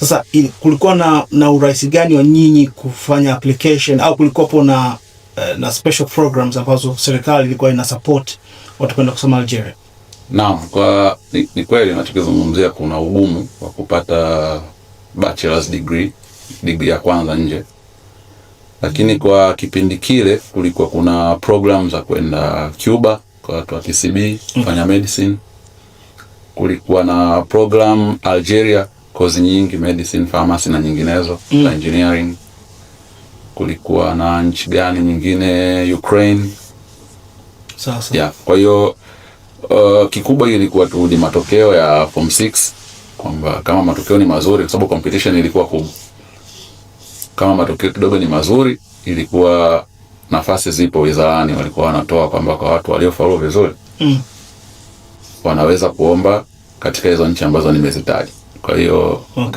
Sasa il, kulikuwa na, na urahisi gani wa nyinyi kufanya application au kulikuwapo na, eh, na special programs ambazo serikali ilikuwa ina support watu kwenda kusoma Algeria? Naam, kwa ni, ni kweli nachokizungumzia, kuna ugumu wa kupata bachelor's degree, degree ya kwanza nje, lakini kwa kipindi kile kulikuwa kuna program za kwenda Cuba kwa watu wa TCB kufanya medicine. Kulikuwa na program Algeria kozi nyingi medicine, pharmacy na nyinginezo mm. engineering. Kulikuwa na nchi gani nyingine? Ukraine. Sasa yeah, kwa hiyo uh, kikubwa ilikuwa tu ni matokeo ya form 6 kwamba kama matokeo ni mazuri, kwa sababu competition ilikuwa kubwa. Kama matokeo kidogo ni mazuri, ilikuwa nafasi zipo wizarani, walikuwa wanatoa kwamba kwa watu waliofaulu vizuri mm. wanaweza kuomba katika hizo nchi ambazo nimezitaja. Kwa hiyo